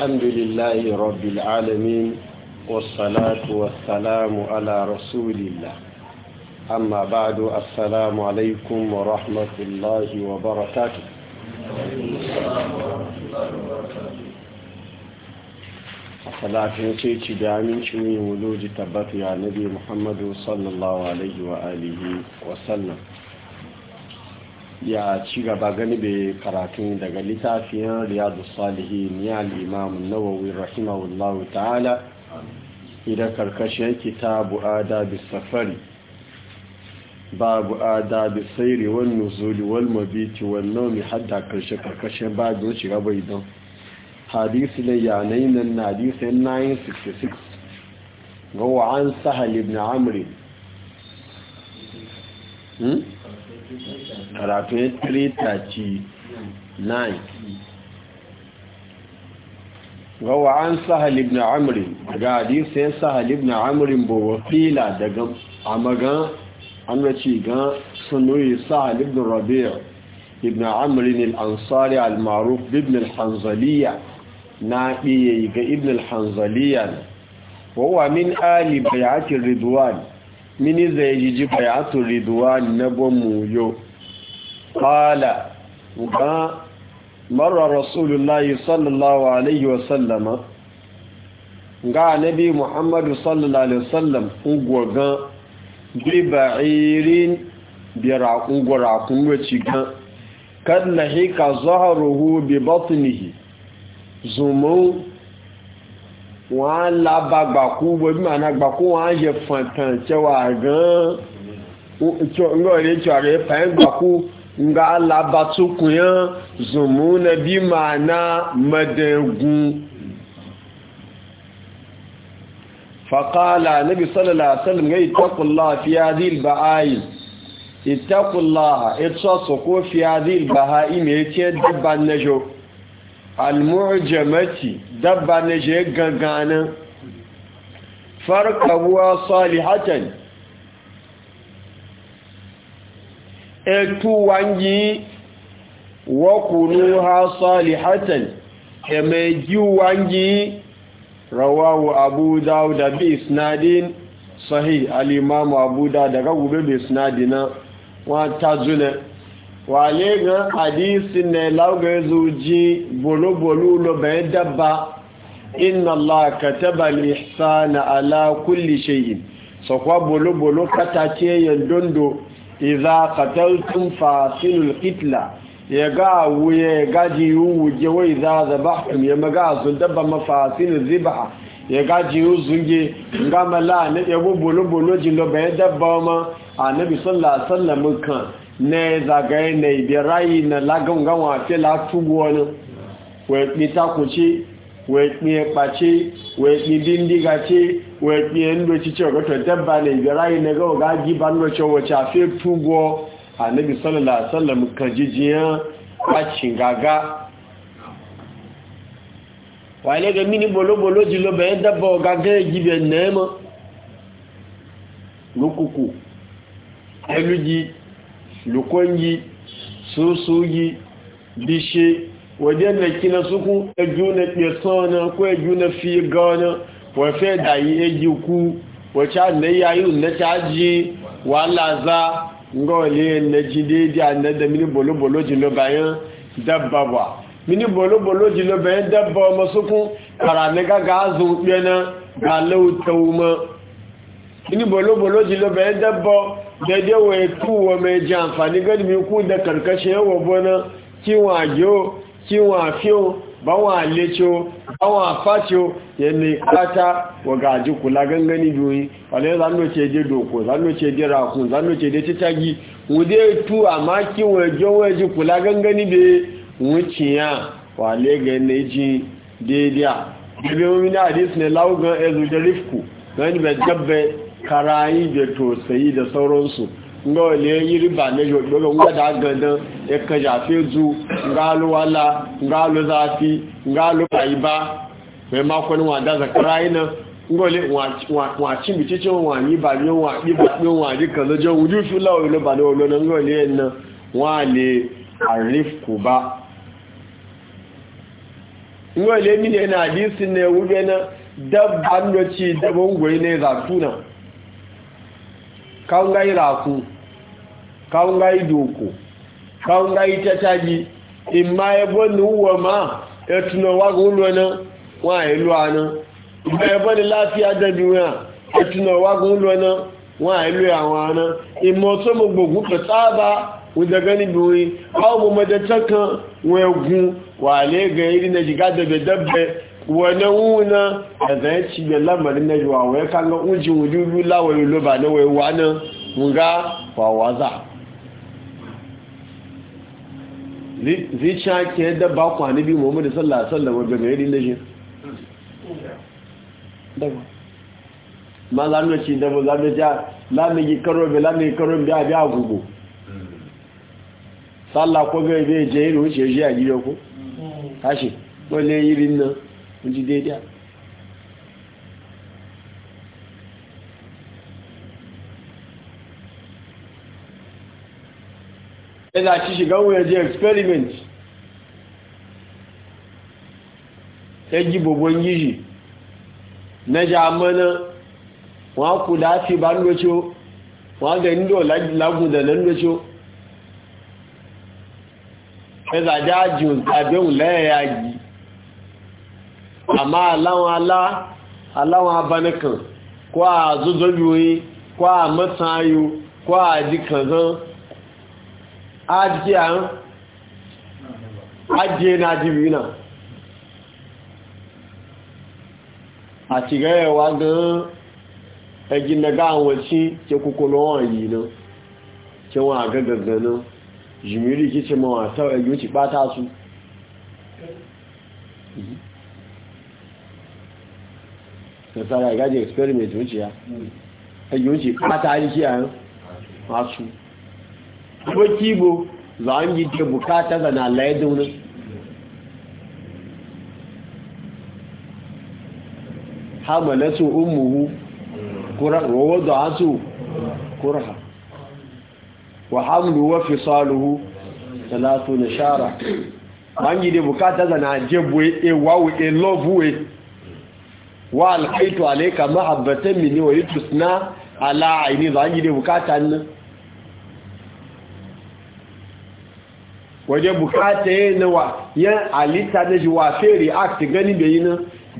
الحمد لله رب العالمين والصلاة والسلام على رسول الله أما بعد السلام عليكم ورحمة الله وبركاته السلام ورحمة الله وبركاته السلام عليكم ولوج الله على النبي محمد صلى الله عليه وآله وسلم ya ci gaba gani da karatu daga littafiyar riyadu salihi ya limam nawawi rahimahullah ta'ala idan karkashin kitabu adabi safari babu adabi sairi wani nuzuli wal mabiti wani nomi hadda karshe karkashin babu ci gaba idan hadisi na yanayi na hadisi 966 ga wa'an sahal ibn amrin hmm? 33 هو عن سهل بن عمرو قال لي سهل بن عمرو بو وقيل دغ امغا ان شي غ سنوي سهل بن ربيع ابن عمرو الانصاري المعروف بابن الحنظلية نابي ابن الحنظلية وهو من آل بيعة الردوان mini zai yi ji ato riduwa na gwamu yo kala ba marar rasulullahi sallallahu alaihi wasallama ga nabi muhammadu sallallahu alaihi wasallam ugwagan biba'irin birakun wace gan kan na hika zaharuhu bi batunihi zumun wọ́n lábàgbàkú gbogbo àgbàkú wọ́n yẹ fọ̀ntàn tẹwà gan ngọ́rẹ̀ tẹwàrẹ̀ pẹ̀gbàkú nga labatukun zumu na bi ma'ana madagun faƙala nabi sallallahu alaihi wasallam gai takullaha fi hadhihi al-ba'i ittaqullaha itsa soko fi hadhihi al-ba'i me yake dabban najo almujamati dabba na shi gangana farkabuwa salihatan etu wangi wa kunuha salihatan emeji wangi Rawawu abu da bi isnadin Sahi, Alimamu abu daga gube bi isnadina wa tazuna wale ga hadisi ne lauga zuji bolo-bolo lo bayan dabba inna Allah ka taba lihsana ala kulli shayin sakwa bolo-bolo katace yin dondo iza kataltun fasilul kitla ya ga wuye gaji wuje wai za zaba ya maga sun dabba mafasilul ziba ya gaji zunge gama la na yabo bolo-bolo jin lo bayan dabba ma a nabi sallallahu alaihi wasallam kan na zagaye na ibirayi na lagungan wafe latubu wani wẹ̀pin takunci wẹ̀pin ẹ̀pàci e wẹ̀pin ci wẹ̀pin e ẹnlọ́cici ọ̀gọ́tọ̀ dabba na ibirayi na gawa gaji ba nlọ́ci wacce a fi tubo a nabi sallallahu alaihi wasallam kan jijiyan ɓacin gaga wàílé gẹ mini bolobolo jí ló bẹ̀yẹ e dábọ̀ gagẹ́ ìjìbẹ̀ nẹ́ẹ̀mọ́ lókùkù ẹlú jí lukon yi soso yi bishe wajen na kina suku eju na pesona ko eju na fi gana wafe da yi eji ku wace annayi yayi na caji wala za nga wale na jide di anna da mini bolo bolo jilo bayan dabba mini bolo bolo jilo bayan dabba ma suku kara na gaga azu pena ga lautauma mini bolo bolo jilo bayan dabba daidai wa ya tuwa mai ji amfani galmi ku da karkashin yawa bona kiwa yo kiwa fiyo ba wa lecho ba wa facho ya ne kata wa gaji kula gangani biyoyi wale zanu ce je doko zanu ce je rakun zanu ce je titagi wude tu amma kiwa jo wa ji kula gangani be wuciya wale ga ne ji daidai bebe mu mina hadis ne laugan ezu jarifku gani be jabbe karayi da tosayi da sauransu nga wale yi riba na jodogon wada ganin ya ka jafe zu nga wala nga zafi nga bayi ba mai makonin wanda zakarayi nan nga wale wacin bicicin wani ba ne wani ba ne wani ka zajen wuju fi lawai na ba na wani nan nga wale yin nan wale arifku ba nga wale mini yana hadisin ne wube na dabban da ci dabban gwai ne zatuna kaunga iraku kaunga doko kaunga tataji imma yabo nuwa ma ya tuno wa gulo na wa ilu ana imma yabo ni lafiya da duniya ya tuno wa gulo na wa ilu awon ana imma so mo gbogun pe saba udaga ni biwi awu mo madatakan wegun wa le ga iri na jiga da dabbe wani wuna da zai ci da lamarin na yiwa wai kan ga ujin wujudu loba na wai wani nga fawaza zai ci ake da ba kwani bi muhammadu sallallahu alaihi wasallam ga mai shi ma za ci dabo za ja lamigi karo bi lamigi karo bi abi agugo sallah ko bai bai je shi a mm. tashi wani nan mun ji daidai ya za ci shiga wuya je experiment ta ji babban gishi na jamana wọn kù láti bá ń lóṣo wọn gẹ̀ nílò lágùndà lẹ́nu lóṣo ẹzà jáàjì tàbí òun lẹ́yà yìí amma aláwọn alá aláwọn abanikan kó a zọ́zọ́bí ko a mọ́tàn ayò kó a di kànzán ajé àrùn ajé na jìbì náà àti rẹ̀ gan ẹgbìnàgá àwọn tí tí kókó lọ́wọ́n yìí náà tí wọ́n àgẹ́gẹ̀gẹ̀ náà jìmìrí kí tí mọ́ àtọ́ ẹgbẹ́ Mm-hmm. ya gaji experiment wuciya ayi wuce mata aiki a masu kuma kibo za a yi ke bukata ga na laye daunin hamalatu umuhu rawar da hasu kurha wa hamlu wa fisaluhu talatu na shara ba yi da bukata ga na jebuwe e e love elowuwe wa alkaitu alayka mahabbatan minni wa litusna ala aini za yi da bukata nan waje bukata yi na wa yan alita na ji wa fere act gani bai yi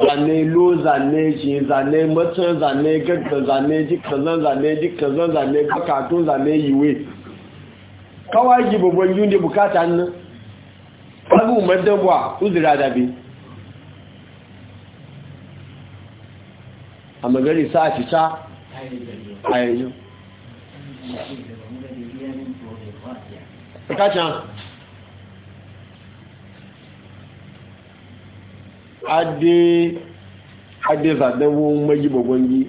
zane lo zane shi zane matan zane gaggan zane jikazan zane jikazan zane bakatun zane yiwe kawai gibabon yi da bukata nan abu madan wa uzura dabi a magari sa ci ta a yanzu kacan ade ade zaɗawo magi bagwangi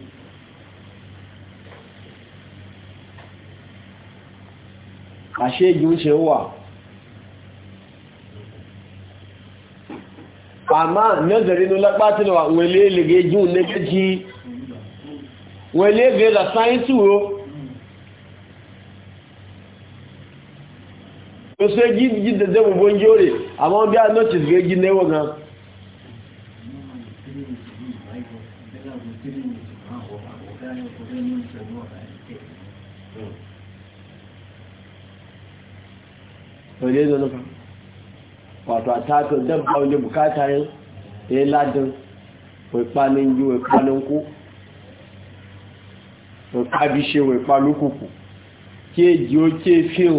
a shegi wucewa amma nazarin laɓatinwa wale lege jiun na gaji wẹ̀lé vẹ́lá sáyẹ́ntì wo tó ṣe jí dẹ̀dẹ̀ gbogbo ń jórè àwọn bí a nọ́tì rẹ̀ jí lẹ́wọ̀ gan wẹ̀lé ìdọ̀nà kan wato àtàkùn dẹ́bà oúnjẹ bukata yẹn ládùn wẹ̀pá ní ju wẹ̀pá ní kú àbíṣewò ìpalókùkù kí èjì ó ké fíl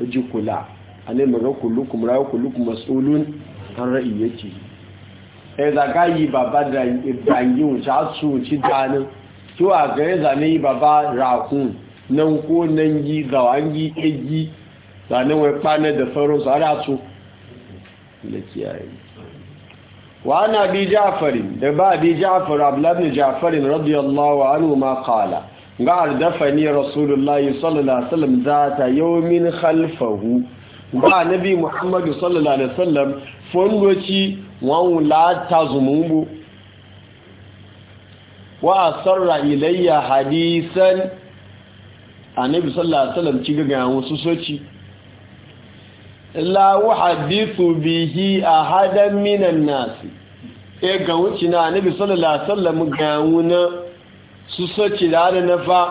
ojú kò là alẹ́mọ̀rọ̀ kò lókùn mọ́ra kò lókùn mọ́sọ́lún ara ìyẹ́ kì í yìí bàbá ìbàyí òṣàtù ti dáná tí ó àgẹ́rẹ́ ìzànà yìí bàbá ràkùn na kó na yí zàwọn yí náà dẹ̀fẹ́rọ̀ sọ́rọ̀ su lẹ́kìá e yìí وعن أبي جعفر دبا أبي جعفر عبد الله بن جعفر رضي الله عنه ما قال قال دفني رسول الله صلى الله عليه وسلم ذات يوم خلفه ba nabi muhammadu sallallahu alaihi wasallam fondoci wọn lata zumungu wa asarra ilayya hadisan annabi sallallahu alaihi wasallam ci gaga la uhadithu bihi ahadan minan nas e ga wuci na annabi sallallahu alaihi wasallam ga wuna su soci da na fa.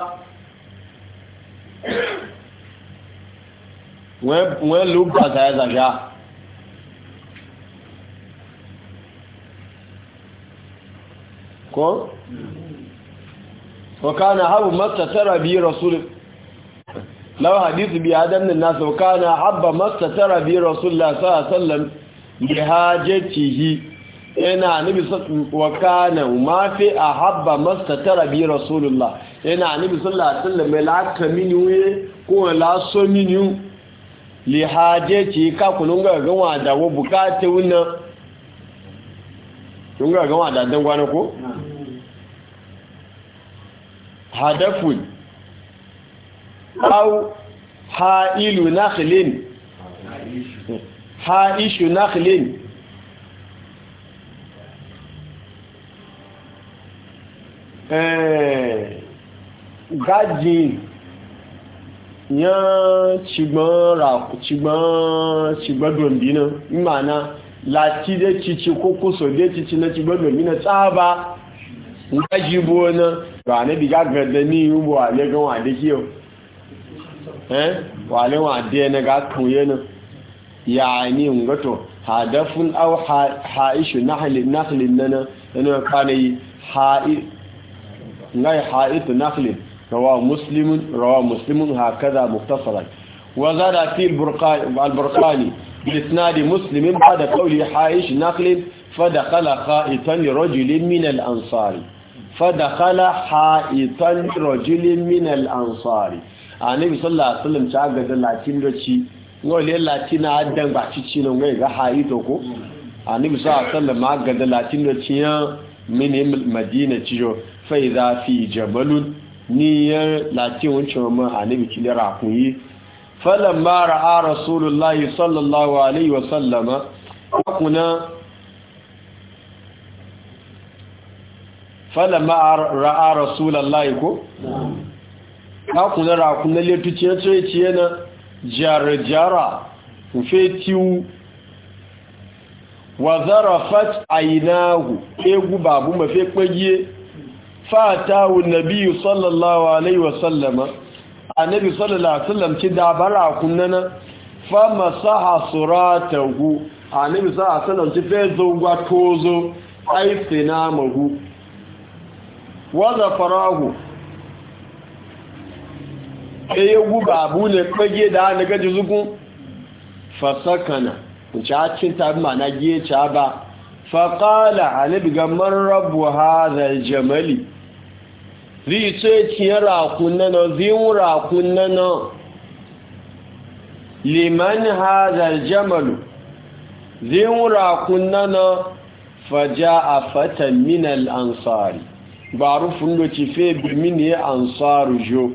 wai lubba ta ya zaga ko? wakana habu matatara biyu rasulun law hadithu bi hadan lin nas kana habba mastatara bi rasulullah sallallahu alaihi wasallam bi hajatihi yana nabi wa kana ma fi ahabba mastatara bi rasulullah yana nabi sallallahu alaihi wasallam la kamini ko la so mini li hajati ka kulunga ga wa da wo bukate wuna ga au ha'ilu nakhlin ha'ishu nakhlin eh gaji yan ṣùgbọ́n ra ṣùgbọ́n ṣùgbọ́n dòmí náà ìmàna láti dé títí kókó sọ̀dé títí náà ṣùgbọ́n dòmí náà sáábà ń gájí bó náà rà níbi gágẹ̀ẹ́dẹ́ ní ìwò àlẹ́gán àdékíọ̀ wale wa de na ga kuye na yani ngato hadafun aw haishu nahli nahli nana yana kana yi ha'i ngai ha'itu nahli rawa muslimun rawa muslimun hakaza muftasalan wa zada fi al-burqani بإسناد مسلم بعد قول حائش نقل فدخل خائطا لرجل من الأنصار فدخل حائطا لرجل من الأنصار annabi sallallahu alaihi wasallam ta ga da latin da ci wale latin na dan ba ci ci nan ga hayi to ko annabi sallallahu alaihi wasallam ma ga da latin da ya min madina ci jo fa idha fi jabal ni ya latin wancan ma annabi ci da rakuyi falamma ra'a rasulullahi sallallahu alaihi wasallam kuna falamma ra'a rasulullahi ko ka kuna rakuna letuciye ciye na jara-jara kufe tiwu wa zarafat ainihu egu babu mafi kwagiye fatawu nabiyu sallallahu alaihi wasallama a nabi sallallahu alaihi wasallam ci dabara kunana fama saha suratahu a nabi sallallahu alaihi wasallam ci fe zogwa tozo aifina magu wa zafarahu sai ya guba abu ne fage da na gaji zugun fasakana wuce hacin tabi mana gece ba faƙala halib gamar rabu hazar jamali zai ce ciyar zai ziyun rakunana liman hazar jamalu ziyun rakunana faja a fatan minal ansari ba rufin da ci fe birmini ansari jo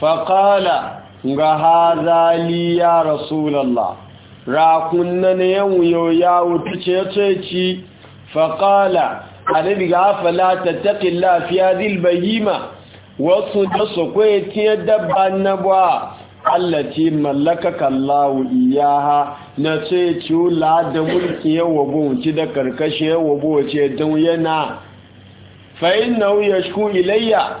faƙala ga hazali ya rasulallah rakunna na yawuyo ya wuta ce ce ci faƙala a nabi ga ta taƙin lafiya zilbayima wasu da su kwaye tiye dabba na ba allaci mallaka kallawu iyaha na ce ciwula da mulki yawa bunci da karkashi yawa buwace don yana fa'in na wuya shku ilayya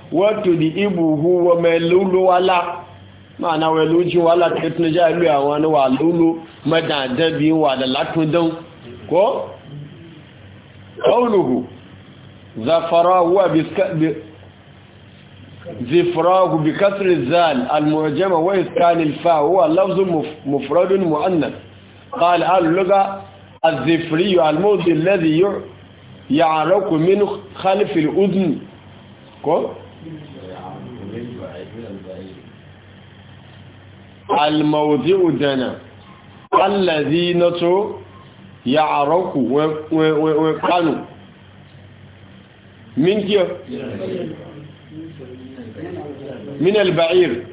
wato di ibu huwa mai lulu wala ma'ana wai luci wala ta tun ja biya wani wa lulu madadabi wa da latudan ko ƙaunuhu zafara huwa hu bi kasri zal al-mu'jama wa iskan al-fa huwa lafzun mufradun mu'annas قال al-lugha az-zifri al-mudhi alladhi ya'raku min khalf الموضع دنا الذي نتو يعرق وقانو من كي من البعير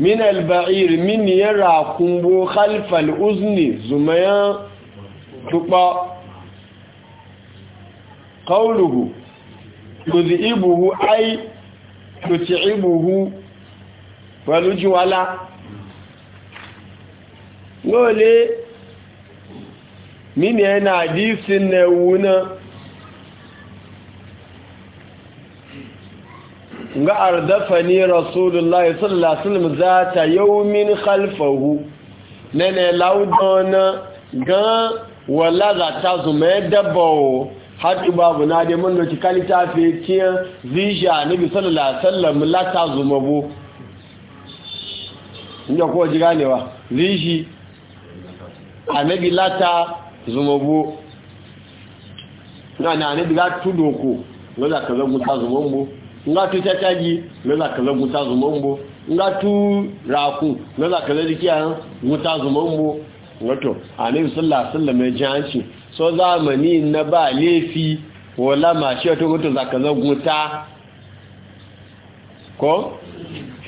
من البعير من يرى كنبو خلف الأذن زميان تقبع قوله tuzibuhu ai tucibuhu walujiwala lole mini ena hadisin na wuna Nga ardafa ne rasulullah sallallahu alaihi za ta yawmin khalfahu nene laudona ga wala za ta zuma ya hatu babu na dai mun doki kan tafi kiyan zisha bi sallallahu alaihi wasallam la ta zuma bu inda ko ji ganewa zishi annabi zuma bu na na annabi la tu ne za tudoko lola ta zuma bu na tu ta ne za tataji lola ta zuma bu na tu raku lola kaza dikiya muta zumbo ngato annabi sallallahu alaihi wasallam ya ji hanci so zamani na ba laifi wala mashi wata gutu zaka zaguta ko?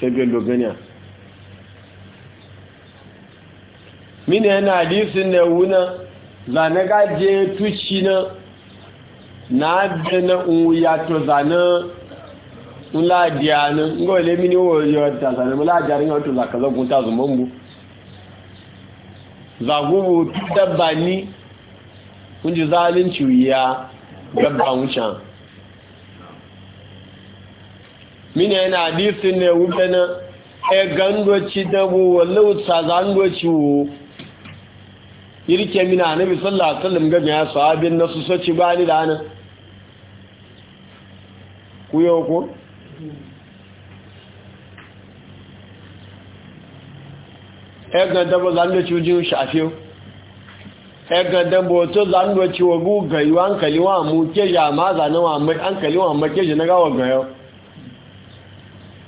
shagen doganiya mini yana hadisin da wuna zane gaje tuci na na dana uya to zane uladiya na ngole mini woyo ta zane uladiya ringa to zaka zaguta zumangu zagubu dabba ni kun ji zalunci wuya gaba wucin mini yana hadisin ne wuce na e gangoci dabo wallauta zangoci wo yirke mini annabi sallallahu alaihi wasallam ga ya sahabin nasu sace ba ni da nan ku yau ko e ga dabo zangoci wujin shafiyo ẹgbẹ̀ dẹ̀bọ̀ tó zanuwa ci wa guga yi wa hankali wa mu keja ma zane wa hankali e, wa amma keja na gawa gayo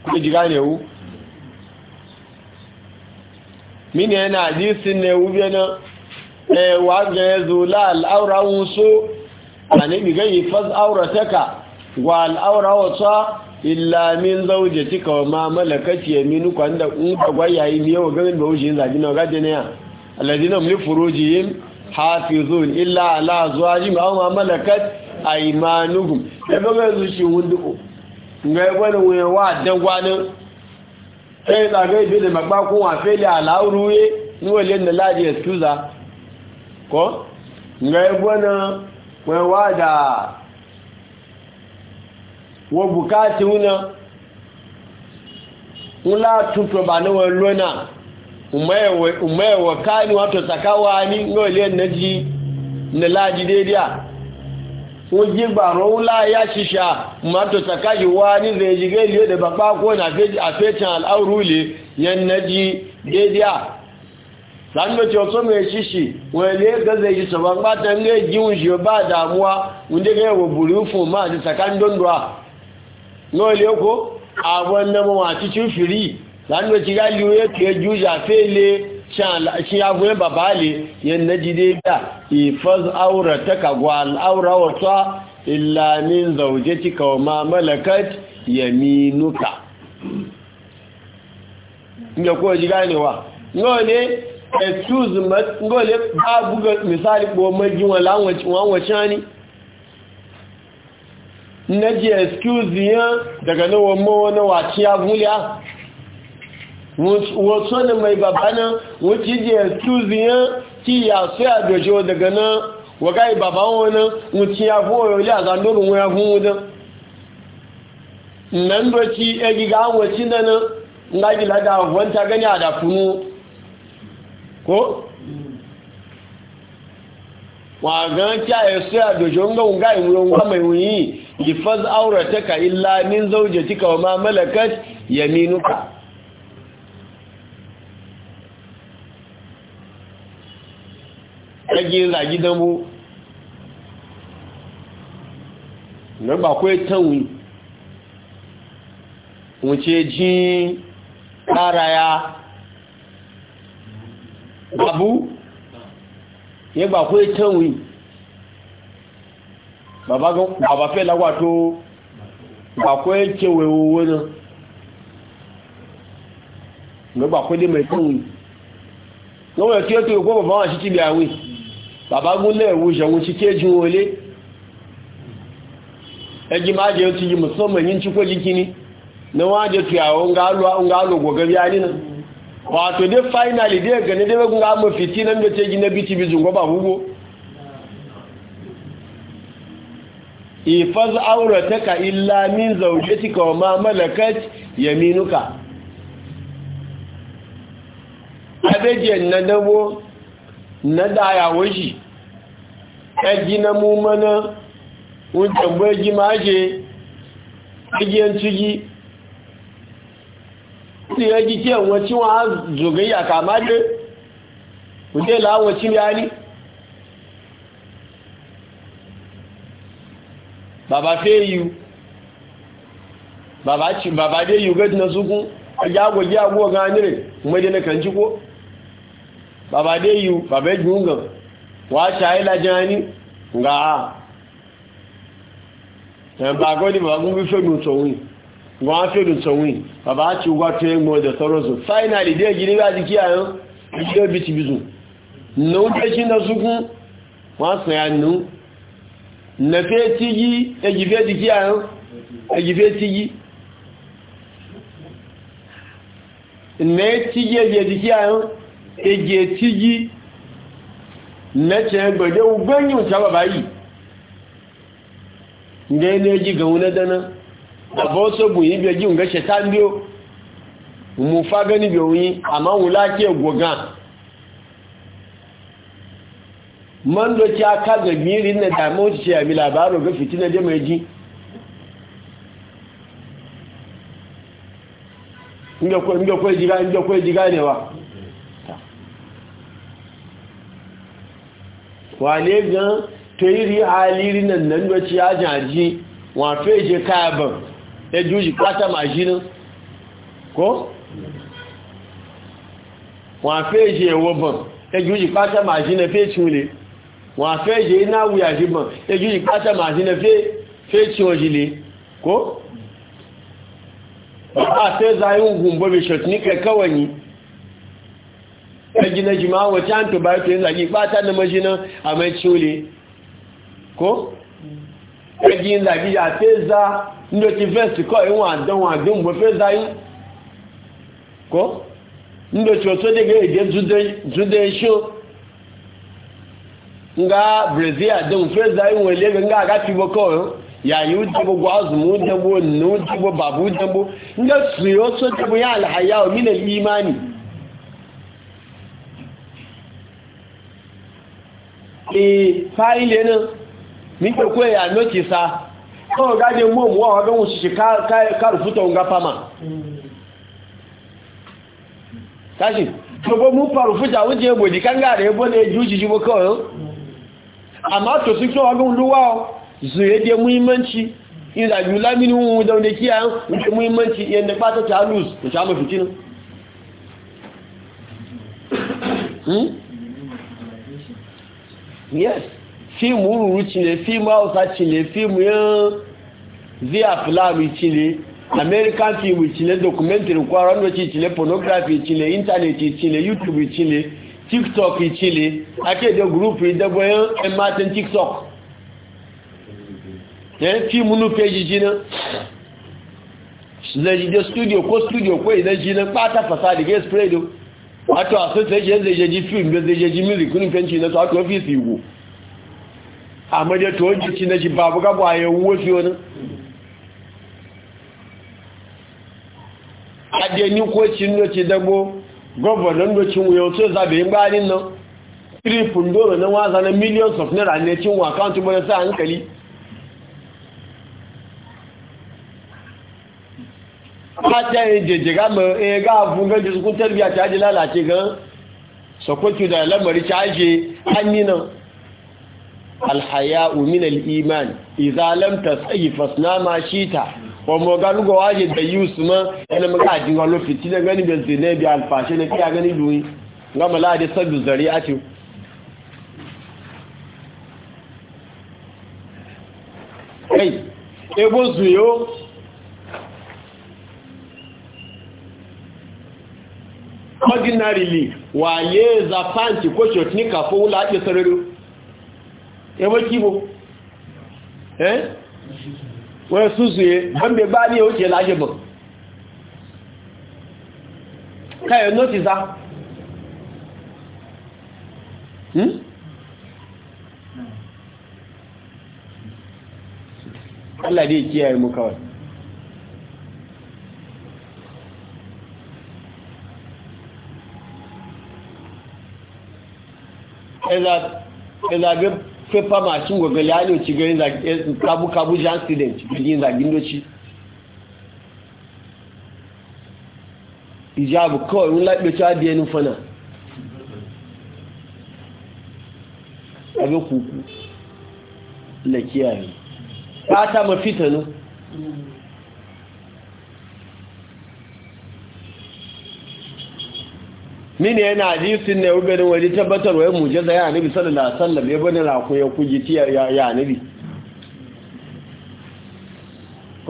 Ku ji gane wu mini yana hadisin ne wube na wa ga ya zula al'aura wuso a ne bigan yi fas aura taka wa al'aura wata illa min zauje cika wa ma malakaci ya minu kwanda in ka gwayayi ne wa ganin ba wuce yin zabi na gajen ya alladina mu li furujihim hafizun illa ala zuwajim aw ma malakat aymanuhum e ba ga zuci wundu ngai bana we wa dan gwanin sai da ga bi da magba ko wa feli ala uruye ni wale na laji excuse ko ngai bana we wa da wo bukati una mula tuto ba na wani lona umewa kani wato tsakawa ni ngole naji na laji dedia oji gbaro ula ya shisha mato tsakaji wani zai jige liye da babba ko na a fecin al'auru le yan naji dedia sanu ce wasu mai shishi wale ga zai yi saban batan ji yi wunshi ba damuwa wunde ga yawa burufin ma a tsakan dondowa ngole ko a wannan mawaci cin firi lánàá ti yá lu ètò ẹjú ìyàfẹ́lẹ̀ ṣíyàfẹ́ bàbá lè yẹn nájídé gbà ìfọ́s áwùrà tẹ́kàgbà áwùrà wọ̀tọ́ ìlànà zaujẹ́ ti kàwọ́ máa mẹ́lẹ̀kẹ́t yẹ̀mí núkà ìjọkọ́ ìjìgá ìníwà náà ní excuse ngole ba buga misali ko ni daga mawa na wọ́n ne mai bàbá náà wọ́n ya jẹ́ ẹ̀túzi yán kí yà sọ́ àgbẹ̀jọ́ daga náà wọ́gá ìbàbá wọn náà wọ́n ya yà fún ọ̀rọ̀ ilé àzàndóòrò wọn yà fún wọn náà nan doci egiga an wasu nan Na gila da wanta gani a da funu ko wagan kya ya sọ́ àgbẹ̀jọ́ ń gbọ́n ga ìwé wọn mai wuyi ìfaz aurataka illa min zaujatika wa ma malakat yaminuka yin zagi don mu na ba kwai tanwi wuce ji karaya babu ya ba kwai tanwi bàbá fẹ́ lágbà tó gbàkọ́ ẹ̀kẹ́wẹ̀ owó náà lọ́gbàkọ́ dé mẹ́tọ́wì lọ́wọ́ ẹ̀kẹ́ tó gbọ́ bàbá wọn sí ti bí àwìn bàbá gúnlẹ̀ ìwòṣẹ̀ wọn ti kéjú wọlé ẹjí máa jẹ́ ti yí musamman yin cikó jikini na wọ́n jẹ́ tuyawa ń ga alò gogari alina wato dai finally dai gani dai wagun ga mafi tinan da ce gina biti bizin gwaba hugo ifaz aurataka illa min zaujatika wa ma malakat yaminuka abejen na na dayawan shi ƙaggi na mummana wuncin gwaji maje ƙagiyar cigi ƙi ya gike wancin wa zogayya kama da wuce la'awacin yani baba fẹ́ yíu bàbá dé yíu gẹ́dì na sukun agbágbàgbà agbóhàn rẹ̀ mọ́dé na baba dai yu baba junga wa ta ila jani nga tan ba go ni ba gun fe dun so wi wa fe dun so wi baba ti wa te mo de toro so finally dai gini ba diki ayo ido bi ti suku wa se anu na fe ti yi e ji fe diki ye je diki eji ti yi lẹ́tẹ̀ gbẹ̀dẹ̀ ndị òṣàwà báyìí ǹdẹ́ ilé ẹjí gẹ̀hún lẹ́dáná àbọ́ sọ́bù yìí bí ndị ǹgẹ́ṣẹ̀ táńdé ó mú fágẹ́ níbi òyìn àmáhùn láti aka mọ́ndọ̀ tí a kágẹ̀ gbìyànjú ní ẹ̀dàmọ́ òṣìṣẹ́ àmì làbárò gẹ́ fìtínẹ́ ji, ẹjí ǹjọ́kọ́ ẹjí gáà wane gan to iri haliri nan nan doci ya jaji wa feje kayaban ya juji kwata majinin ko? wa feje waban ya juji kwata majinin fe cule wa feje ina wuya jiban ya juji kwata majinin fe ciwajile ko? ba a sai zayin gumbo bishop ni kai kawai kaji na jima wace an to bayan tuyin zagi bata na majinan a mai cole ko? kaji yin zagi a feza ndoki vest kọ iwọn adọwọn adọwọn bọ feza yi ko? ndoki oto daga ide jude iso nga brazil adọwọn feza yi wọn lebe nga aga ti bọkọ ọrọ yayi udabo gwazumu udabo nnu udabo babu udabo nga suyo so dabo ya alhaya omi na imani e fáìlì náà ní pẹ̀kú ẹ̀yà lókè sá kọ́rọ̀ gáde mú òmù wọ́n wọ́n wọ́n ṣiṣẹ́ kárùfútọ̀ ń gáfà mà sáṣì gbogbo mú kárùfútà ó jẹ́ ìbòdì káńgà rẹ̀ bọ́ ní ẹjú jíjí mú kọ́rọ̀ àmá tò sí kí ọdún lúwà zùyédé muhimmanci da lámínú ohun daunde kí a ń ṣe muhimmanci yes fíìmù rúrú chile fíìmù hausa chile fíìmù yẹn zia fúlàmù chile american film chile documentary kwara ọ̀nà chile pornography chile internet chile youtube chile tiktok chile akéde gúrúùpù ìdẹ́gbọ́ yẹn ẹ máa tẹ́ tiktok yẹn fíìmù nù péjì jiná lẹ́yìn dé studio kó studio kó ìdẹ́jì náà pátá fasadi gẹ́ spray o. àtọ́ association zai jeji film da zai jeji music kunin fenci na su àtọ́ ọ́fíìsì ìwò àmọ́jẹ́ tó jíkí na ṣe bàbú kábọ̀ àyẹ̀wò sí ọ́nà adé ní kó ci ní ọ̀tí dẹ́gbó gọ́vọ̀nà ní ọ̀tí wọ́n tó zàbẹ̀ ń gbá nínú na wázà na millions of naira ne cin wa account bọ́lá sáà hankali fata yin jejjega ma ga fungan ji sukun tarbiya ta ji lalace gan sakwaki da lamari ta aje an yi nan alhaya'u min iman fasna ma shita wa mogan waje da yusma ina maga gani da zine alfashe na kiya gani duyi ga mala da sabu zari'a ce kai ebo zuyo ordinarily waye za panti ko shot ni ka fo la ke sarero e mo kibo eh wa susu ye? ban be ba ni o ke la je bo ka yo notice that hmm Allah dai kiyaye mu kawai ẹzàgbé pépà machine gbogbo ya ní òtí kabu-kabu jan student gbogbo ìzàgbínlóṣì ìjà ijabu kawai wula tí ta biya nufana fọ́nà kuku kùkù kiyaye ta ta mọ̀ fìtànú mini yana hadisin ne ubeni waje tabbatar wai mujaza ya nabi sallallahu alaihi wasallam ya bani rako ya kujiti ya ya nabi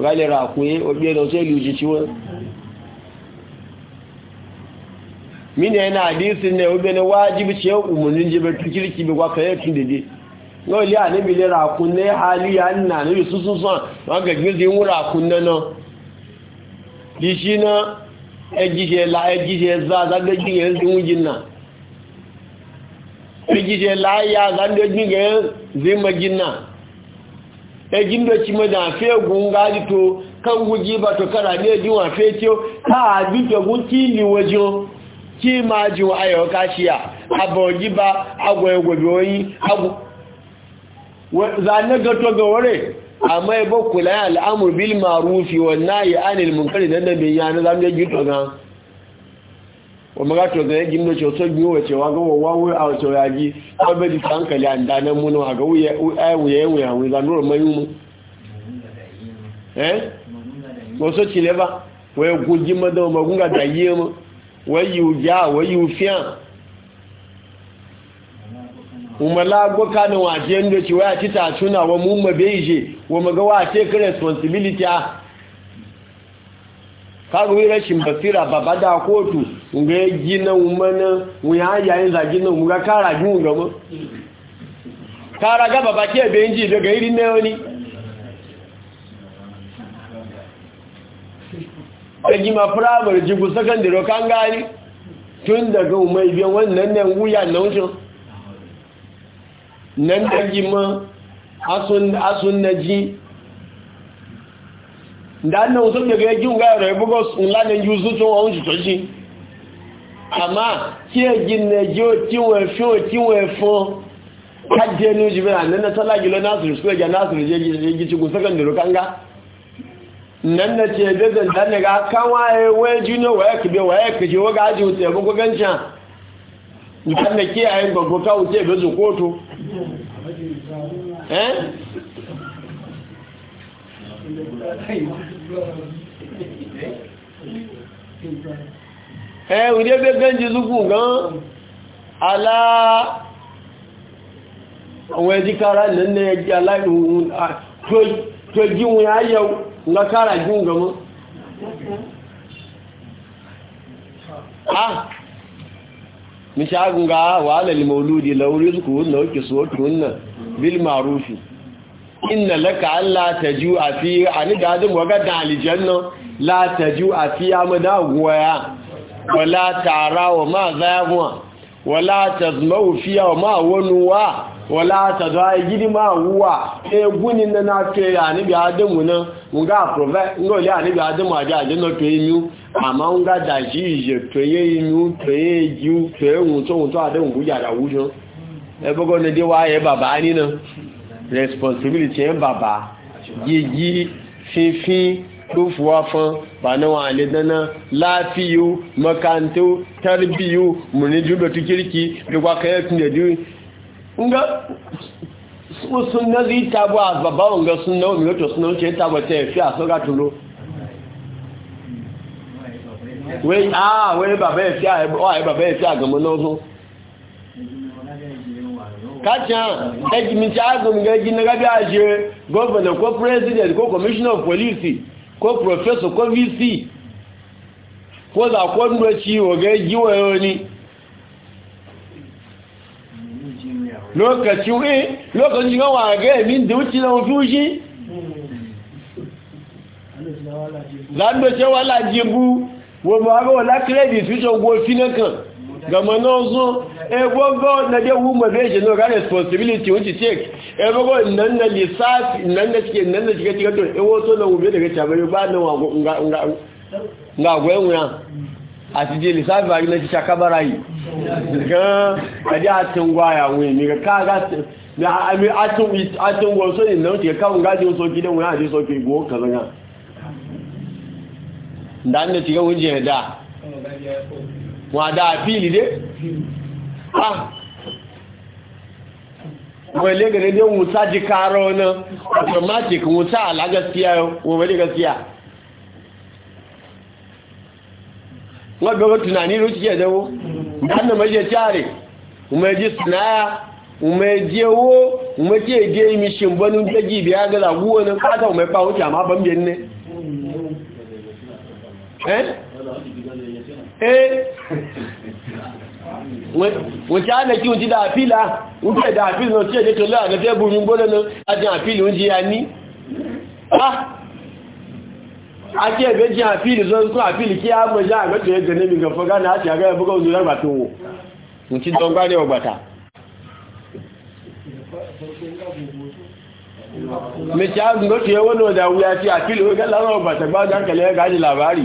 gale raku ya obe da sai luji ciwo mini yana hadisin ne ubeni wajibi ce umunin jibe kirki bi kwa kai tun dede no li anabi le rako ne hali ya nabi susun son wa ga gizi mu rako nan no di shi na Ejije la ẹjíṣẹ́ zá zádẹ́gbìyàn zíwújìnà ẹjíṣẹ́ láyá zádẹ́gbìyàn zíwújìnà ẹjí ndọ́chí mẹ́dà fẹ́gùn gáàrí tó kan gújí bá tó kára ní ẹjíwà fẹ́ tí ó káàbí tẹ̀gún tí ìlúwẹjọ́ kí máa jù ayọ̀ káṣíà àbọ̀jíbá agwọ̀ gato oyin amma ba kula ya al'amur bil marufi wannan ya anil munkari dan da bai yana zamu ga gito ga wa maga to ga gimno ce so biyo wace wa ga wawo a to ya ji ko be di hankali an dan mun wa ga wuya ai wuya wuya wuya zan ro mai mu eh ko so ci leba wa guji ma da magunga da yi mu wayu ja wayu fiya umalago na wajen da ci waya ci tacuna wa mumma beije wa maga wace ka responsibility a karuwi rashin basira baba da kotu ga ya gina umarnin wuya yayin zagi nan wuga kara gini gama kara gaba ba ke bayan ji daga irin na yoni ɗagi ma firamar jigu sakandare kan gani tun daga umar biyan wannan ne wuya na wucin nan da gima asun na ji da nan sun daga yajin gayar buga sun lanin yi tun wa wunci toshi amma kí ẹgbìn nàíjíò tí wọ́n fi ò tí wọ́n fún kájẹ́ ní ojú mẹ́rin àná tọ́lá jùlọ násìrì sí ẹjà násìrì jẹ́ jìkún sẹ́kẹ̀ndìrò kánga nan na ce bezan da ne ga kanwa ya ya kube, wa ya waye wa ga aji wuce bugu gancan nan da kiyayen gbogbo kawo ce bezu kotu ẹ́ ẹ̀ òdí ẹgbẹ́ gẹ́ǹjì zúkú gan alá àwọn ẹjíkára lẹ́nà ẹjí aláìrùn tó jí wọn ayẹ́ lọ́kára jí wọn gan mọ́ ah! nishagun ga walal mauludi lauris ku hunna oke su wata hunna bil marufi inna laka Allah ta ju a fi a ni gadin waga da alijanna la ta ju a fi a mada goya wala tara wa ma zayaguwa wala ta zama wa ma wanuwa wala ta zuwa e girma wuwa e ni biya adamu nan nga provide ngo le ani biya adamu aja aje no to inu ama nga da ji je to ye inu to ye ju to e won to won to adamu bu ya da wujo wa ye baba ni na responsibility e na wale dana lafiyu makantu tarbiyu munijubatu nga sunna zai tabo a babban nga sunna wani wato sunna wuce tabo ta yafi a sauka tulo wai a wai baba ya fi a wai baba ya fi a gama na wasu kacin ejiminci agun gaji na gabi a ṣe governor ko president ko commissioner of police ko professor ko vc ko zakon doci wa gaji wa yoni lokaci we lokaci ga wage min da wuce na wuce zan da cewa lajibu wo ba ga wala credit wuce go finakan gama na ozo egogo na je wu ma beje no ga responsibility wuce check egogo nan na lissafi nan na cike nan na cike cike to e woto na ube daga tabayo ba nan wa ga ga ga gwenwa àti jẹ́ i àrílẹ̀ ti ṣakábára yìí gan ẹjẹ́ àtúnwà àwọn ènìyàn káàkiri àtúnwà sóyè náà ti káwọn gájí ó sókí dẹ̀ wọ́n àti sókí ìgbò kàzánà dáadé ti ah! wunje da ẹ̀dá wọ́n àdá àpíìlì dé wọ́n ilé gẹ̀rẹ́ dé wọ́n sáàjì káàrọ̀ náà automatic wọ́n sáà lágẹ́síà wọ́n wẹ́lẹ́gẹ́síà wọ́n gbogbo tunani ló eh? eh? ti yẹ dẹ́wọ́ ìdáná méje tíárì umeji sinaya umeji owó umeji èdè imi ṣe ń bọ́ ní gbẹ́jì ìbí agẹ́lá wúwo ní pátá umepa ó ti àmá bọ́ ń wọ́n ti á kí wọ́n ti dá àpílà ń tẹ́ dá àpílà náà tí èdè tó lẹ́ àgẹ́tẹ́ bú mi náà láti àpílà ń jẹ́ ní ake ẹgbẹ́ jí àfíìlì sọ́nkún àfíìlì kí a mọ̀ já àgbẹ́tò ẹgbẹ́ níbi gan fọ́gá náà àti àgbẹ́ ẹgbẹ́ òzúrẹ́ ìgbà tó wò ní tí tọ́gbá ní ọgbàtà mẹ́tí àgbẹ́ tó yẹ wọ́n náà wúya sí àfíìlì ó gẹ́lá náà ọgbàtà gbájá kẹlẹ́ ẹgbà ní làbárì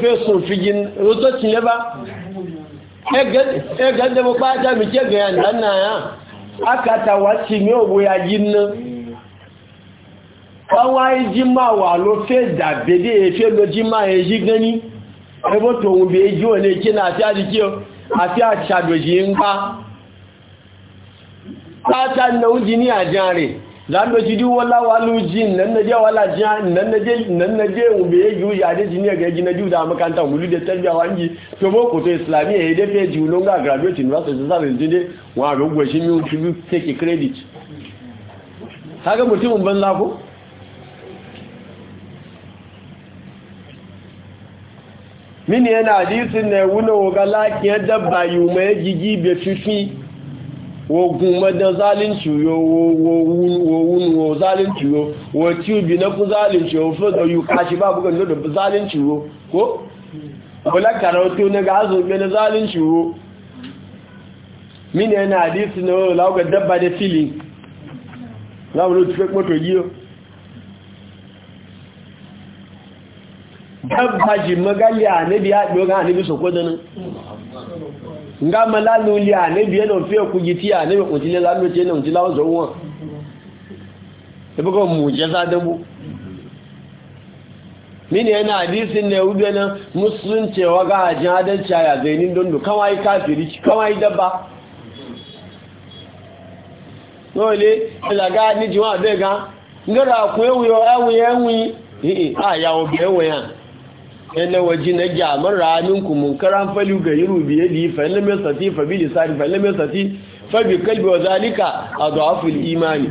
fẹ́sùn fìjìn ó tó tìlẹ́bá ya ganda ba fata mu ke ga yanzu na ya aka ta wace ne obo ya yin nan kawo yi jima wa lo fe da bede ya e fe lo jima ya ji e gani ebo to ohun be e ji one kina ati adiki o ati asadoji zan da jidi wala walu jin nan na je wala jin nan na je nan na je u be yu ya de jin ga gina ju da makanta mulu de tarbiya wangi to mo ko to islamiya he de fe ju lo nga graduate university sa be jinde wa ro gwe shi mi u tibi take credit kaga mutumin banza ko mini yana hadisin ne wuna ga lakiyar dabba yi mai gigi be fifi wogun madan zalunci yo wowun wo zalunci yo wo tubi na ku zalunci yo fuka yu kashi ba bugan da zalunci yo ko wala karautu na ga azu na zalunci yo mine na hadisi na wala ga dabba da fili na wala tuke moto giyo dabba ji magali a nabi ya ɗoga a nabi soko da nan nga malalu li a nabi yana fiye ku giti a nabi kuntile lalu ce nan jila wazo wọn ta e buga mu jaza da mu mini yana hadisin ne ube na musulun cewa ga ajin adalci a yazainin dondo kawai kafiri kawai dabba lóòlé e ìlàgá níjiwọ́n àbẹ́gá ngẹ́rọ àkún ewuyo ewuyo ewuyi àyà obì ewuyi ya. E yana waje na gyamar ramin ku munkaran fali ga yiru biye bi fa illa min sati fa bi lisani fa illa min sati fa bi kalbi wa zalika al-iman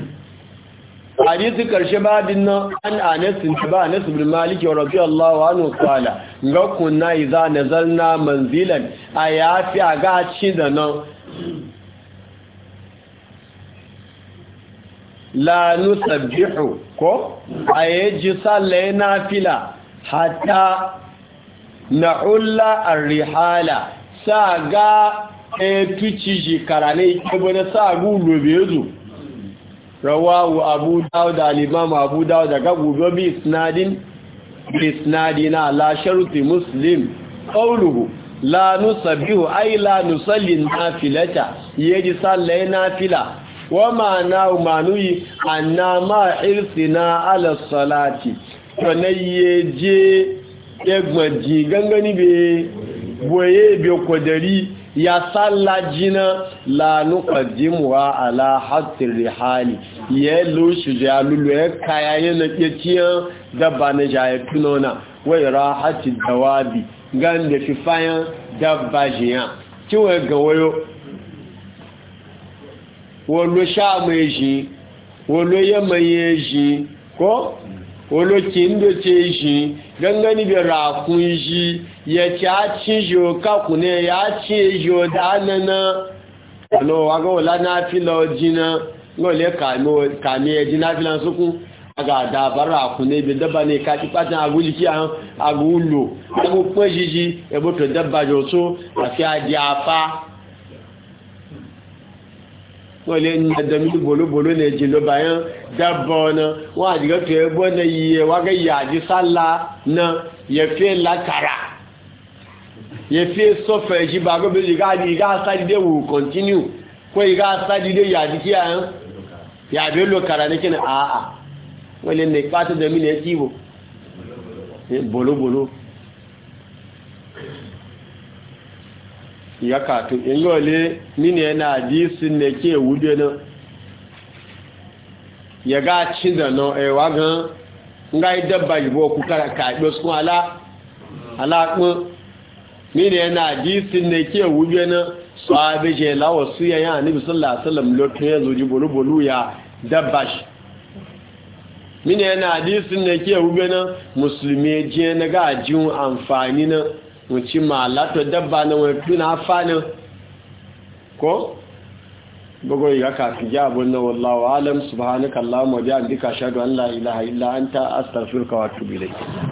hadisi karshe ba din nan an anas bin ba anas bin malik radiyallahu anhu qala ga kunna idza nazalna manzilan ayati aga ci da nan la nusabbihu ko ayeji sallaina fila hatta Na'ulla ulla arrihala sa ga etuci shekara karane ikebe na sa gulo bezu rawahu abu dawud al-imam abu dawud ga gu bi isnadin isnadina la sharuti muslim qawluhu la nusabihu ay la nusalli nafilata yaji sallai e nafila wa ma na nuyi? annama irsina ala salati to ne yeje egbaji gangani be boye be kodari ya salla jina la nuqaddimuha ala hatir rihali ye lu shuja lulu e kaya ye na ketiya dabba na jaye tunona wai rahati dawabi gande fi fayan dabba jiya ti wa wo lo sha mai ji wo lo ye ji ko olóòkè ń dòtse ìṣì gángan níbi ràkún ìṣì yẹtì àti ìṣò kàkùnrin ẹ̀yà àti ìṣò dánáná ọ̀nà agọ́wò lánàáfíìlọ jìnnà ngọ́lẹ̀ kàmí ẹ̀jìn náàfíìlọ sókún agàdà àbára àkùnrin ibi dọ́bà ní ìka tí pátá agúlìkí agúlò agúpẹ́ ṣíṣí ẹ̀bùtò dọ́bà jọ tó àfi adìyà afá wọ́n lé ní ẹ̀dọ̀mí bolóboló ní ẹ̀jì ló báyán dábọ̀ ọ̀nà wọ́n àdìgọ́ tó ẹgbọ́ ní iye wákẹ́ yà àdísálà náà yẹ̀fẹ́ látara yẹ̀fẹ́ sọ́fẹ̀ ẹ̀jì bá gbọ́ bẹ́ẹ̀ yìí ìgá sádìdé wò kọ̀ntínú kó ìgá sádìdé yàdí kí àyán yàbí ló kàrà ní kí ni àà wọ́n lé ní ipá tó dẹ̀mí ní ẹ̀ E ya katu in yole na yana hadisin ne ke wude na ya ga ci da nan ewa gan nga yi dabba yibo ku kaɗo sun ala alaƙun mini yana hadisin ne ke wude nan be je lawa su yayin annabi sallallahu alaihi wasallam lokacin ya zoji bolu-bolu ya dabba shi mini yana hadisin ne ke wude na musulmi je na gajin amfani na. wuce ma lato dabba na wani tuna fanin ko bugu ya kafi ya abun na wallawa alam subhanakallahumma bihamdika ashhadu an la ilaha illa anta astaghfiruka wa